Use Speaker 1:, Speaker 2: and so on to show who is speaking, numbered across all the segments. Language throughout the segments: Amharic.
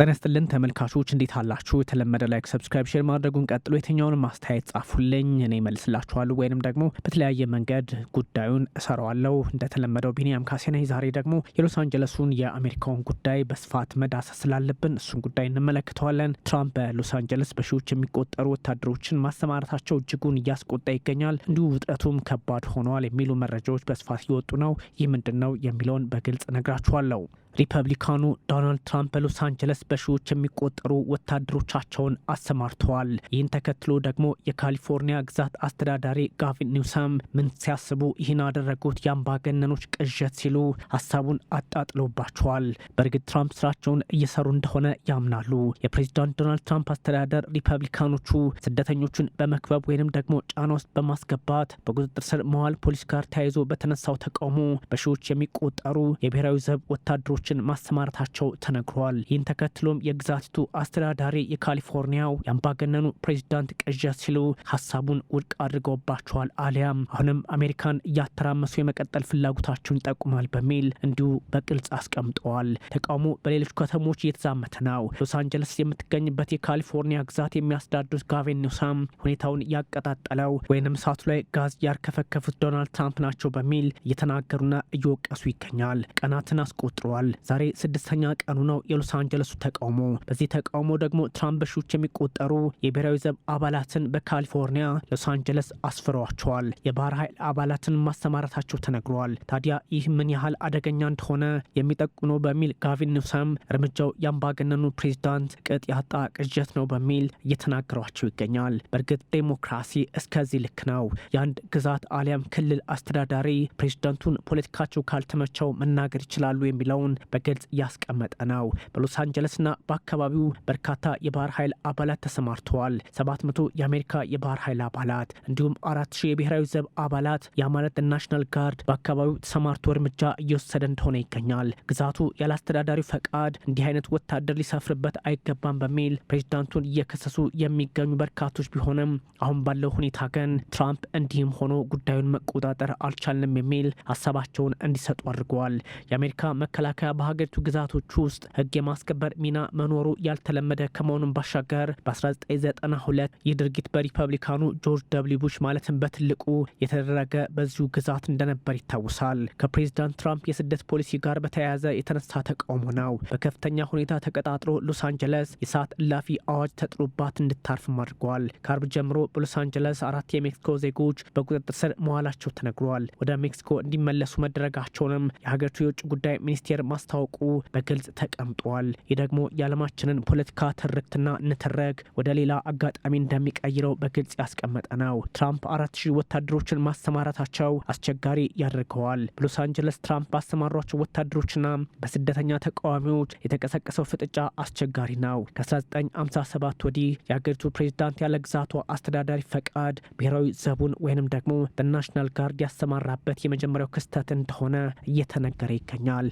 Speaker 1: ጠነስትልን ተመልካቾች እንዴት አላችሁ? የተለመደ ላይክ፣ ሰብስክራይብ፣ ሼር ማድረጉን ቀጥሎ የትኛውን ማስተያየት ጻፉልኝ፣ እኔ መልስላችኋለሁ ወይንም ደግሞ በተለያየ መንገድ ጉዳዩን እሰራዋለሁ። እንደተለመደው ቢኒያም ካሴ ነኝ። ዛሬ ደግሞ የሎስ አንጀለሱን የአሜሪካውን ጉዳይ በስፋት መዳሰስ ስላለብን እሱን ጉዳይ እንመለከተዋለን። ትራምፕ በሎስ አንጀለስ በሺዎች የሚቆጠሩ ወታደሮችን ማሰማራታቸው እጅጉን እያስቆጣ ይገኛል፣ እንዲሁ ውጥረቱም ከባድ ሆነዋል የሚሉ መረጃዎች በስፋት እየወጡ ነው። ይህ ምንድን ነው የሚለውን በግልጽ ነግራችኋለሁ። ሪፐብሊካኑ ዶናልድ ትራምፕ በሎስ አንጀለስ በሺዎች የሚቆጠሩ ወታደሮቻቸውን አሰማርተዋል። ይህን ተከትሎ ደግሞ የካሊፎርኒያ ግዛት አስተዳዳሪ ጋቪን ኒውሰም ምን ሲያስቡ ይህን ያደረጉት የአምባገነኖች ቅዠት ሲሉ ሀሳቡን አጣጥለውባቸዋል። በእርግጥ ትራምፕ ስራቸውን እየሰሩ እንደሆነ ያምናሉ። የፕሬዚዳንት ዶናልድ ትራምፕ አስተዳደር ሪፐብሊካኖቹ ስደተኞቹን በመክበብ ወይንም ደግሞ ጫና ውስጥ በማስገባት በቁጥጥር ስር መዋል ፖሊስ ጋር ተያይዞ በተነሳው ተቃውሞ በሺዎች የሚቆጠሩ የብሔራዊ ዘብ ወታደሮች ተማሪዎችን ማሰማራታቸው ተነግሯል። ይህን ተከትሎም የግዛቲቱ አስተዳዳሪ የካሊፎርኒያው የአምባገነኑ ፕሬዚዳንት ቅዠት ሲሉ ሀሳቡን ውድቅ አድርገውባቸዋል አሊያም አሁንም አሜሪካን እያተራመሱ የመቀጠል ፍላጎታቸውን ይጠቁማል በሚል እንዲሁ በግልጽ አስቀምጠዋል። ተቃውሞ በሌሎች ከተሞች እየተዛመተ ነው። ሎስ አንጀለስ የምትገኝበት የካሊፎርኒያ ግዛት የሚያስተዳድሩት ጋቬን ኒውሳም ሁኔታውን ያቀጣጠለው ወይንም እሳቱ ላይ ጋዝ ያርከፈከፉት ዶናልድ ትራምፕ ናቸው በሚል እየተናገሩና እየወቀሱ ይገኛል። ቀናትን አስቆጥረዋል። ዛሬ ስድስተኛ ቀኑ ነው የሎስ አንጀለሱ ተቃውሞ። በዚህ ተቃውሞ ደግሞ ትራምፕ በሺዎች የሚቆጠሩ የብሔራዊ ዘብ አባላትን በካሊፎርኒያ ሎስ አንጀለስ አስፍረዋቸዋል። የባህር ኃይል አባላትን ማሰማራታቸው ተነግሯል። ታዲያ ይህ ምን ያህል አደገኛ እንደሆነ የሚጠቁ ነው በሚል ጋቪን ኒውሰም እርምጃው የአምባገነኑ ፕሬዚዳንት ቅጥ ያጣ ቅዠት ነው በሚል እየተናገሯቸው ይገኛል። በእርግጥ ዴሞክራሲ እስከዚህ ልክ ነው። የአንድ ግዛት አሊያም ክልል አስተዳዳሪ ፕሬዚዳንቱን ፖለቲካቸው ካልተመቸው መናገር ይችላሉ የሚለውን በግልጽ ያስቀመጠ ነው። በሎስ አንጀለስና በአካባቢው በርካታ የባህር ኃይል አባላት ተሰማርተዋል። 700 የአሜሪካ የባህር ኃይል አባላት እንዲሁም 4000 የብሔራዊ ዘብ አባላት የአማለት ናሽናል ጋርድ በአካባቢው ተሰማርቶ እርምጃ እየወሰደ እንደሆነ ይገኛል። ግዛቱ ያለ አስተዳዳሪው ፈቃድ እንዲህ አይነት ወታደር ሊሰፍርበት አይገባም በሚል ፕሬዚዳንቱን እየከሰሱ የሚገኙ በርካቶች ቢሆንም አሁን ባለው ሁኔታ ግን ትራምፕ እንዲህም ሆኖ ጉዳዩን መቆጣጠር አልቻልንም የሚል ሀሳባቸውን እንዲሰጡ አድርገዋል። የአሜሪካ መከላከያ በሀገሪቱ ግዛቶች ውስጥ ህግ የማስከበር ሚና መኖሩ ያልተለመደ ከመሆኑን ባሻገር በ1992 ይህ ድርጊት በሪፐብሊካኑ ጆርጅ ደብሊው ቡሽ ማለትም በትልቁ የተደረገ በዚሁ ግዛት እንደነበር ይታወሳል። ከፕሬዚዳንት ትራምፕ የስደት ፖሊሲ ጋር በተያያዘ የተነሳ ተቃውሞ ነው። በከፍተኛ ሁኔታ ተቀጣጥሮ ሎስ አንጀለስ የሰዓት እላፊ አዋጅ ተጥሎባት እንድታርፍም አድርጓል። ከአርብ ጀምሮ በሎስ አንጀለስ አራት የሜክሲኮ ዜጎች በቁጥጥር ስር መዋላቸው ተነግሯል። ወደ ሜክሲኮ እንዲመለሱ መደረጋቸውንም የሀገሪቱ የውጭ ጉዳይ ሚኒስቴር ማ ማስታወቁ በግልጽ ተቀምጧል። ይህ ደግሞ የዓለማችንን ፖለቲካ ትርክትና ንትረግ ወደ ሌላ አጋጣሚ እንደሚቀይረው በግልጽ ያስቀመጠ ነው። ትራምፕ አራት ሺህ ወታደሮችን ማሰማራታቸው አስቸጋሪ ያደርገዋል። በሎስ አንጀለስ ትራምፕ ባሰማሯቸው ወታደሮችና በስደተኛ ተቃዋሚዎች የተቀሰቀሰው ፍጥጫ አስቸጋሪ ነው። ከ1957 ወዲህ የአገሪቱ ፕሬዚዳንት ያለ ግዛቷ አስተዳዳሪ ፈቃድ ብሔራዊ ዘቡን ወይንም ደግሞ በናሽናል ጋርድ ያሰማራበት የመጀመሪያው ክስተት እንደሆነ እየተነገረ ይገኛል።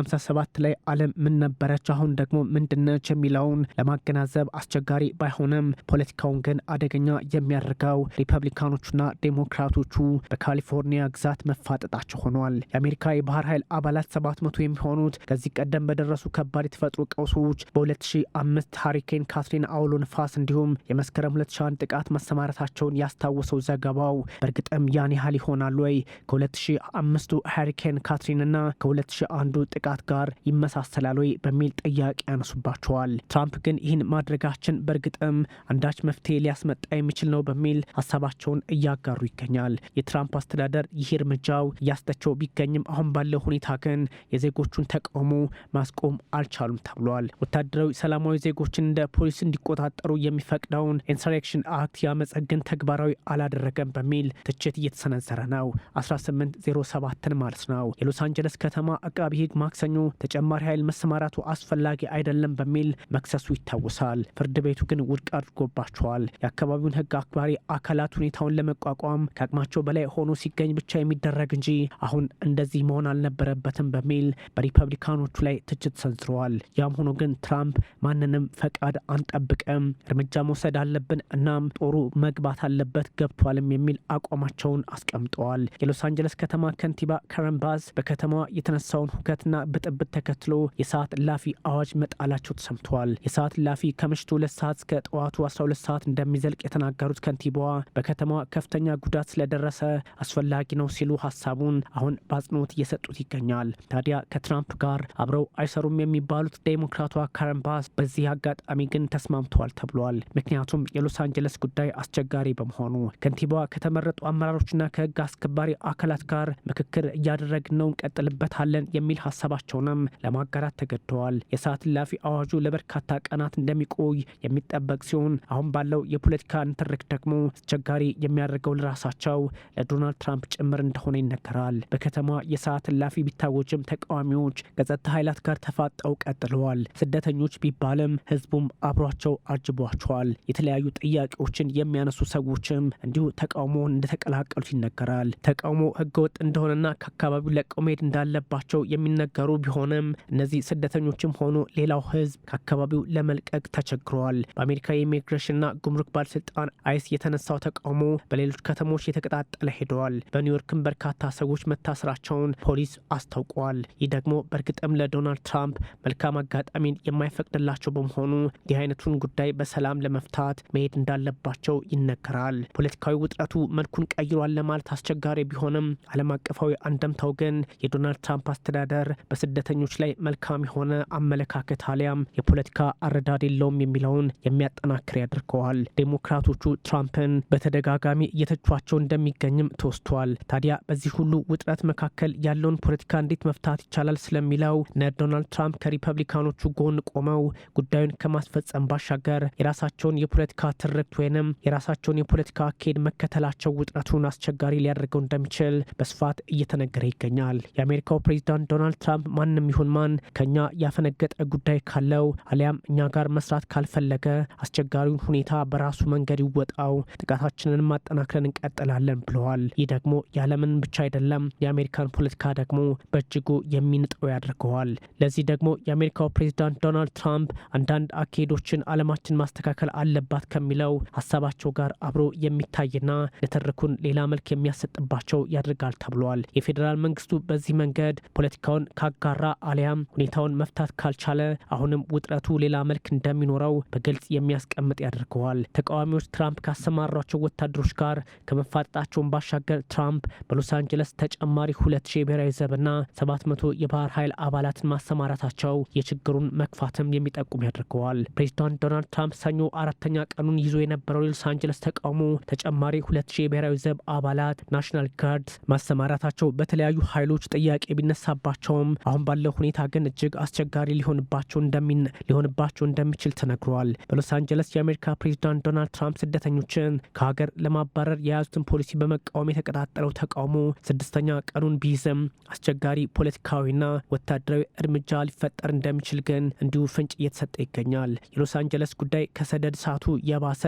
Speaker 1: 1957 ላይ ዓለም ምን ነበረች፣ አሁን ደግሞ ምንድነች የሚለውን ለማገናዘብ አስቸጋሪ ባይሆንም ፖለቲካውን ግን አደገኛ የሚያደርገው ሪፐብሊካኖቹና ዴሞክራቶቹ በካሊፎርኒያ ግዛት መፋጠጣቸው ሆኗል። የአሜሪካ የባህር ኃይል አባላት 700 የሚሆኑት ከዚህ ቀደም በደረሱ ከባድ የተፈጥሮ ቀውሶች በ2005 ሃሪኬን ካትሪን አውሎ ንፋስ እንዲሁም የመስከረም 2001 ጥቃት መሰማረታቸውን ያስታወሰው ዘገባው በእርግጥም ያን ያህል ይሆናል ወይ? ከ2005ቱ ሃሪኬን ካትሪንና ከ2001 ጥቃት ጋር ይመሳሰላል ወይ በሚል ጥያቄ ያነሱባቸዋል። ትራምፕ ግን ይህን ማድረጋችን በእርግጥም አንዳች መፍትሄ ሊያስመጣ የሚችል ነው በሚል ሀሳባቸውን እያጋሩ ይገኛል። የትራምፕ አስተዳደር ይህ እርምጃው እያስተቸው ቢገኝም አሁን ባለው ሁኔታ ግን የዜጎቹን ተቃውሞ ማስቆም አልቻሉም ተብሏል። ወታደራዊ ሰላማዊ ዜጎችን እንደ ፖሊስ እንዲቆጣጠሩ የሚፈቅደውን ኢንሰሬክሽን አክት የአመፅ ግን ተግባራዊ አላደረገም በሚል ትችት እየተሰነዘረ ነው። 1807ን ማለት ነው። የሎስ አንጀለስ ከተማ አቃቢ ህግ ማክሰኞ ተጨማሪ ኃይል መሰማራቱ አስፈላጊ አይደለም በሚል መክሰሱ ይታወሳል። ፍርድ ቤቱ ግን ውድቅ አድርጎባቸዋል። የአካባቢውን ህግ አክባሪ አካላት ሁኔታውን ለመቋቋም ከአቅማቸው በላይ ሆኖ ሲገኝ ብቻ የሚደረግ እንጂ አሁን እንደዚህ መሆን አልነበረበትም በሚል በሪፐብሊካኖቹ ላይ ትችት ሰንዝረዋል። ያም ሆኖ ግን ትራምፕ ማንንም ፈቃድ አንጠብቅም፣ እርምጃ መውሰድ አለብን፣ እናም ጦሩ መግባት አለበት ገብቷልም የሚል አቋማቸውን አስቀምጠዋል። የሎስ አንጀለስ ከተማ ከንቲባ ከረን ባዝ በከተማዋ የተነሳውን ሁከትና ብጥብጥ ተከትሎ የሰዓት እላፊ አዋጅ መጣላቸው ተሰምተዋል። የሰዓት እላፊ ከምሽቱ ሁለት ሰዓት እስከ ጠዋቱ 12 ሰዓት እንደሚዘልቅ የተናገሩት ከንቲባዋ በከተማዋ ከፍተኛ ጉዳት ስለደረሰ አስፈላጊ ነው ሲሉ ሀሳቡን አሁን በአጽንኦት እየሰጡት ይገኛል። ታዲያ ከትራምፕ ጋር አብረው አይሰሩም የሚባሉት ዴሞክራቷ ካረን ባስ በዚህ አጋጣሚ ግን ተስማምተዋል ተብሏል። ምክንያቱም የሎስ አንጀለስ ጉዳይ አስቸጋሪ በመሆኑ ከንቲባዋ ከተመረጡ አመራሮችና ከህግ አስከባሪ አካላት ጋር ምክክር እያደረግን ነው፣ እንቀጥልበታለን የሚል ሀሳብ ሀሳባቸውንም ለማጋራት ተገድደዋል። የሰዓት እላፊ አዋጁ ለበርካታ ቀናት እንደሚቆይ የሚጠበቅ ሲሆን አሁን ባለው የፖለቲካ ንትርክ ደግሞ አስቸጋሪ የሚያደርገው ለራሳቸው ለዶናልድ ትራምፕ ጭምር እንደሆነ ይነገራል። በከተማ የሰዓት እላፊ ቢታወጅም ተቃዋሚዎች ከጸጥታ ኃይላት ጋር ተፋጠው ቀጥለዋል። ስደተኞች ቢባልም ህዝቡም አብሯቸው አጅቧቸዋል። የተለያዩ ጥያቄዎችን የሚያነሱ ሰዎችም እንዲሁ ተቃውሞውን እንደተቀላቀሉት ይነገራል። ተቃውሞ ህገወጥ እንደሆነና ከአካባቢው ለቀው መሄድ እንዳለባቸው የሚነገ የተቸገሩ ቢሆንም እነዚህ ስደተኞችም ሆኑ ሌላው ህዝብ ከአካባቢው ለመልቀቅ ተቸግረዋል። በአሜሪካ የኢሚግሬሽንና ጉምሩክ ባለስልጣን አይስ የተነሳው ተቃውሞ በሌሎች ከተሞች የተቀጣጠለ ሄደዋል። በኒውዮርክም በርካታ ሰዎች መታሰራቸውን ፖሊስ አስታውቋል። ይህ ደግሞ በእርግጥም ለዶናልድ ትራምፕ መልካም አጋጣሚን የማይፈቅድላቸው በመሆኑ እንዲህ አይነቱን ጉዳይ በሰላም ለመፍታት መሄድ እንዳለባቸው ይነገራል። ፖለቲካዊ ውጥረቱ መልኩን ቀይሯል ለማለት አስቸጋሪ ቢሆንም ዓለም አቀፋዊ አንደምታው ግን የዶናልድ ትራምፕ አስተዳደር በስደተኞች ላይ መልካም የሆነ አመለካከት አሊያም የፖለቲካ አረዳድ የለውም የሚለውን የሚያጠናክር ያደርገዋል። ዴሞክራቶቹ ትራምፕን በተደጋጋሚ እየተቿቸው እንደሚገኝም ተወስቷል። ታዲያ በዚህ ሁሉ ውጥረት መካከል ያለውን ፖለቲካ እንዴት መፍታት ይቻላል ስለሚለው እነ ዶናልድ ትራምፕ ከሪፐብሊካኖቹ ጎን ቆመው ጉዳዩን ከማስፈጸም ባሻገር የራሳቸውን የፖለቲካ ትርክት ወይንም የራሳቸውን የፖለቲካ አካሄድ መከተላቸው ውጥረቱን አስቸጋሪ ሊያደርገው እንደሚችል በስፋት እየተነገረ ይገኛል። የአሜሪካው ፕሬዚዳንት ዶናልድ ትራምፕ በኋላም ማንም ይሁን ማን ከኛ ያፈነገጠ ጉዳይ ካለው አሊያም እኛ ጋር መስራት ካልፈለገ አስቸጋሪውን ሁኔታ በራሱ መንገድ ይወጣው፣ ጥቃታችንን ማጠናክረን እንቀጥላለን ብለዋል። ይህ ደግሞ የዓለምን ብቻ አይደለም የአሜሪካን ፖለቲካ ደግሞ በእጅጉ የሚንጠው ያደርገዋል። ለዚህ ደግሞ የአሜሪካው ፕሬዚዳንት ዶናልድ ትራምፕ አንዳንድ አካሄዶችን አለማችን ማስተካከል አለባት ከሚለው ሀሳባቸው ጋር አብሮ የሚታይና ለተረኩን ሌላ መልክ የሚያሰጥባቸው ያደርጋል ተብሏል። የፌዴራል መንግስቱ በዚህ መንገድ ፖለቲካውን ካጋራ አሊያም ሁኔታውን መፍታት ካልቻለ አሁንም ውጥረቱ ሌላ መልክ እንደሚኖረው በግልጽ የሚያስቀምጥ ያደርገዋል። ተቃዋሚዎች ትራምፕ ካሰማሯቸው ወታደሮች ጋር ከመፋጠጣቸውን ባሻገር ትራምፕ በሎስ አንጀለስ ተጨማሪ ሁለት ሺህ የብሔራዊ ዘብና ሰባት መቶ የባህር ኃይል አባላትን ማሰማራታቸው የችግሩን መክፋትም የሚጠቁም ያደርገዋል። ፕሬዚዳንት ዶናልድ ትራምፕ ሰኞ አራተኛ ቀኑን ይዞ የነበረው የሎስ አንጀለስ ተቃውሞ ተጨማሪ ሁለት ሺህ የብሔራዊ ዘብ አባላት ናሽናል ጋርድ ማሰማራታቸው በተለያዩ ኃይሎች ጥያቄ ቢነሳባቸውም አሁን ባለው ሁኔታ ግን እጅግ አስቸጋሪ ሊሆንባቸው እንደሚን ሊሆንባቸው እንደሚችል ተነግሯል። በሎስ አንጀለስ የአሜሪካ ፕሬዚዳንት ዶናልድ ትራምፕ ስደተኞችን ከሀገር ለማባረር የያዙትን ፖሊሲ በመቃወም የተቀጣጠለው ተቃውሞ ስድስተኛ ቀኑን ቢይዝም አስቸጋሪ ፖለቲካዊና ወታደራዊ እርምጃ ሊፈጠር እንደሚችል ግን እንዲሁ ፍንጭ እየተሰጠ ይገኛል። የሎስ አንጀለስ ጉዳይ ከሰደድ እሳቱ የባሰ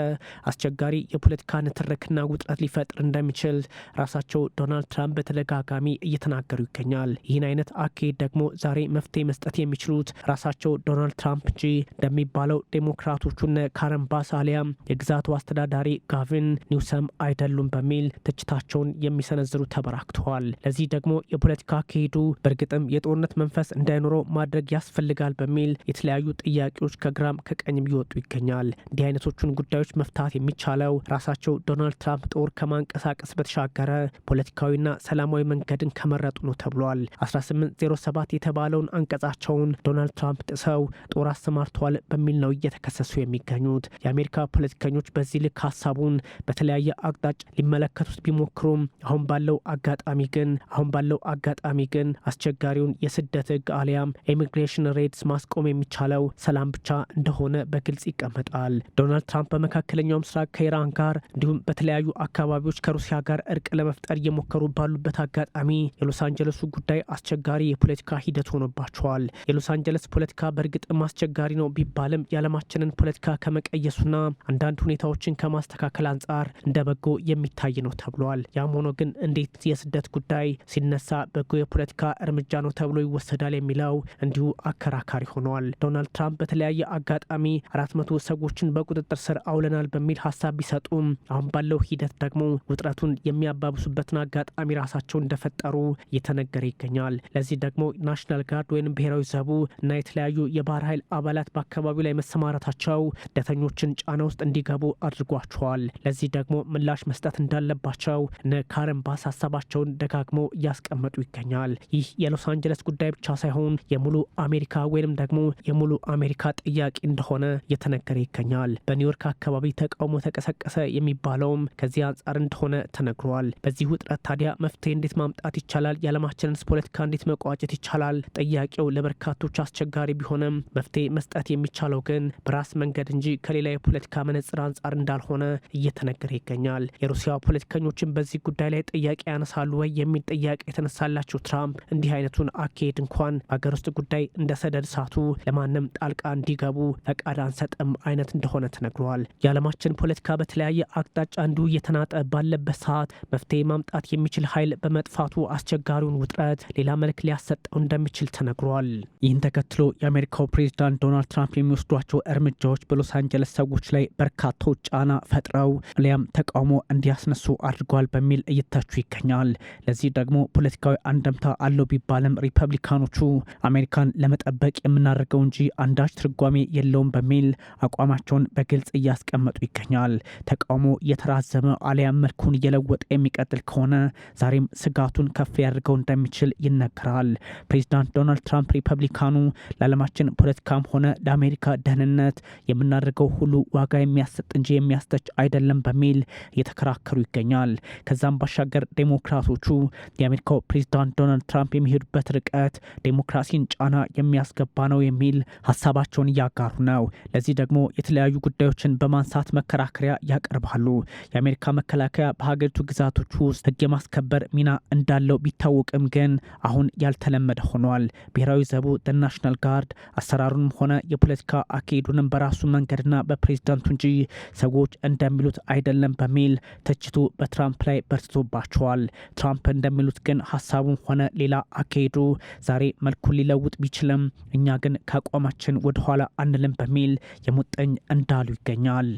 Speaker 1: አስቸጋሪ የፖለቲካ ንትርክና ውጥረት ሊፈጥር እንደሚችል ራሳቸው ዶናልድ ትራምፕ በተደጋጋሚ እየተናገሩ ይገኛል። ይህን አይነት አካሄድ አካሄድ ደግሞ ዛሬ መፍትሄ መስጠት የሚችሉት ራሳቸው ዶናልድ ትራምፕ እንጂ እንደሚባለው ዴሞክራቶቹን ካረን ባስ አሊያም የግዛቱ አስተዳዳሪ ጋቪን ኒውሰም አይደሉም በሚል ትችታቸውን የሚሰነዝሩ ተበራክተዋል። ለዚህ ደግሞ የፖለቲካ አካሄዱ በእርግጥም የጦርነት መንፈስ እንዳይኖረው ማድረግ ያስፈልጋል በሚል የተለያዩ ጥያቄዎች ከግራም ከቀኝም ይወጡ ይገኛል። እንዲህ አይነቶቹን ጉዳዮች መፍታት የሚቻለው ራሳቸው ዶናልድ ትራምፕ ጦር ከማንቀሳቀስ በተሻገረ ፖለቲካዊና ሰላማዊ መንገድን ከመረጡ ነው ተብሏል። ሰባት የተባለውን አንቀጻቸውን ዶናልድ ትራምፕ ጥሰው ጦር አሰማርተዋል በሚል ነው እየተከሰሱ የሚገኙት። የአሜሪካ ፖለቲከኞች በዚህ ልክ ሀሳቡን በተለያየ አቅጣጫ ሊመለከቱት ቢሞክሩም አሁን ባለው አጋጣሚ ግን አሁን ባለው አጋጣሚ ግን አስቸጋሪውን የስደት ህግ አሊያም ኢሚግሬሽን ሬድስ ማስቆም የሚቻለው ሰላም ብቻ እንደሆነ በግልጽ ይቀመጣል። ዶናልድ ትራምፕ በመካከለኛው ምስራቅ ከኢራን ጋር እንዲሁም በተለያዩ አካባቢዎች ከሩሲያ ጋር እርቅ ለመፍጠር እየሞከሩ ባሉበት አጋጣሚ የሎስ አንጀለሱ ጉዳይ አስቸጋሪ የፖለቲካ ሂደት ሆኖባቸዋል። የሎስ አንጀለስ ፖለቲካ በእርግጥም አስቸጋሪ ነው ቢባልም የዓለማችንን ፖለቲካ ከመቀየሱና አንዳንድ ሁኔታዎችን ከማስተካከል አንጻር እንደ በጎ የሚታይ ነው ተብሏል። ያም ሆኖ ግን እንዴት የስደት ጉዳይ ሲነሳ በጎ የፖለቲካ እርምጃ ነው ተብሎ ይወሰዳል የሚለው እንዲሁ አከራካሪ ሆኗል። ዶናልድ ትራምፕ በተለያየ አጋጣሚ አራት መቶ ሰዎችን በቁጥጥር ስር አውለናል በሚል ሀሳብ ቢሰጡም አሁን ባለው ሂደት ደግሞ ውጥረቱን የሚያባብሱበትን አጋጣሚ ራሳቸው እንደፈጠሩ እየተነገረ ይገኛል። ለዚህ ደግሞ ደግሞ ናሽናል ጋርድ ወይም ብሔራዊ ዘቡ እና የተለያዩ የባህር ኃይል አባላት በአካባቢው ላይ መሰማራታቸው ደተኞችን ጫና ውስጥ እንዲገቡ አድርጓቸዋል። ለዚህ ደግሞ ምላሽ መስጠት እንዳለባቸው ነካረንባስ ሀሳባቸውን ደጋግመው እያስቀመጡ ይገኛል። ይህ የሎስ አንጀለስ ጉዳይ ብቻ ሳይሆን የሙሉ አሜሪካ ወይም ደግሞ የሙሉ አሜሪካ ጥያቄ እንደሆነ እየተነገረ ይገኛል። በኒውዮርክ አካባቢ ተቃውሞ ተቀሰቀሰ የሚባለውም ከዚህ አንጻር እንደሆነ ተነግሯል። በዚህ ውጥረት ታዲያ መፍትሄ እንዴት ማምጣት ይቻላል? የዓለማችንንስ ፖለቲካ እንዴት መቋጨት ማግኘት ይቻላል። ጥያቄው ለበርካቶች አስቸጋሪ ቢሆንም መፍትሄ መስጠት የሚቻለው ግን በራስ መንገድ እንጂ ከሌላ የፖለቲካ መነጽር አንጻር እንዳልሆነ እየተነገረ ይገኛል። የሩሲያ ፖለቲከኞችን በዚህ ጉዳይ ላይ ጥያቄ ያነሳሉ ወይ የሚል ጥያቄ የተነሳላቸው ትራምፕ እንዲህ አይነቱን አካሄድ እንኳን በሀገር ውስጥ ጉዳይ እንደ ሰደድ እሳቱ ለማንም ጣልቃ እንዲገቡ ፈቃድ አንሰጥም አይነት እንደሆነ ተነግሯል። የዓለማችን ፖለቲካ በተለያየ አቅጣጫ እንዲሁ እየተናጠ ባለበት ሰዓት መፍትሄ ማምጣት የሚችል ኃይል በመጥፋቱ አስቸጋሪውን ውጥረት ሌላ መልክ ሊያሰጥ ሊያሳጣው እንደሚችል ተነግሯል። ይህን ተከትሎ የአሜሪካው ፕሬዚዳንት ዶናልድ ትራምፕ የሚወስዷቸው እርምጃዎች በሎስ አንጀለስ ሰዎች ላይ በርካቶች ጫና ፈጥረው አሊያም ተቃውሞ እንዲያስነሱ አድርገዋል በሚል እየታቹ ይገኛል። ለዚህ ደግሞ ፖለቲካዊ አንደምታ አለው ቢባልም ሪፐብሊካኖቹ አሜሪካን ለመጠበቅ የምናደርገው እንጂ አንዳች ትርጓሜ የለውም በሚል አቋማቸውን በግልጽ እያስቀመጡ ይገኛል። ተቃውሞ የተራዘመ አሊያም መልኩን እየለወጠ የሚቀጥል ከሆነ ዛሬም ስጋቱን ከፍ ያደርገው እንደሚችል ይነገራል። ፕሬዚዳንት ዶናልድ ትራምፕ ሪፐብሊካኑ ለዓለማችን ፖለቲካም ሆነ ለአሜሪካ ደህንነት የምናደርገው ሁሉ ዋጋ የሚያሰጥ እንጂ የሚያስተች አይደለም በሚል እየተከራከሩ ይገኛል። ከዛም ባሻገር ዴሞክራቶቹ የአሜሪካው ፕሬዚዳንት ዶናልድ ትራምፕ የሚሄዱበት ርቀት ዴሞክራሲን ጫና የሚያስገባ ነው የሚል ሀሳባቸውን እያጋሩ ነው። ለዚህ ደግሞ የተለያዩ ጉዳዮችን በማንሳት መከራከሪያ ያቀርባሉ። የአሜሪካ መከላከያ በሀገሪቱ ግዛቶች ውስጥ ህግ የማስከበር ሚና እንዳለው ቢታወቅም ግን አሁን ያልተለ የተለመደ ሆኗል። ብሔራዊ ዘቡ ደ ናሽናል ጋርድ አሰራሩንም ሆነ የፖለቲካ አካሄዱንም በራሱ መንገድና በፕሬዚዳንቱ እንጂ ሰዎች እንደሚሉት አይደለም በሚል ትችቱ በትራምፕ ላይ በርትቶባቸዋል። ትራምፕ እንደሚሉት ግን ሀሳቡም ሆነ ሌላ አካሄዱ ዛሬ መልኩን ሊለውጥ ቢችልም እኛ ግን ከአቋማችን ወደኋላ አንልም በሚል የሙጠኝ እንዳሉ ይገኛል።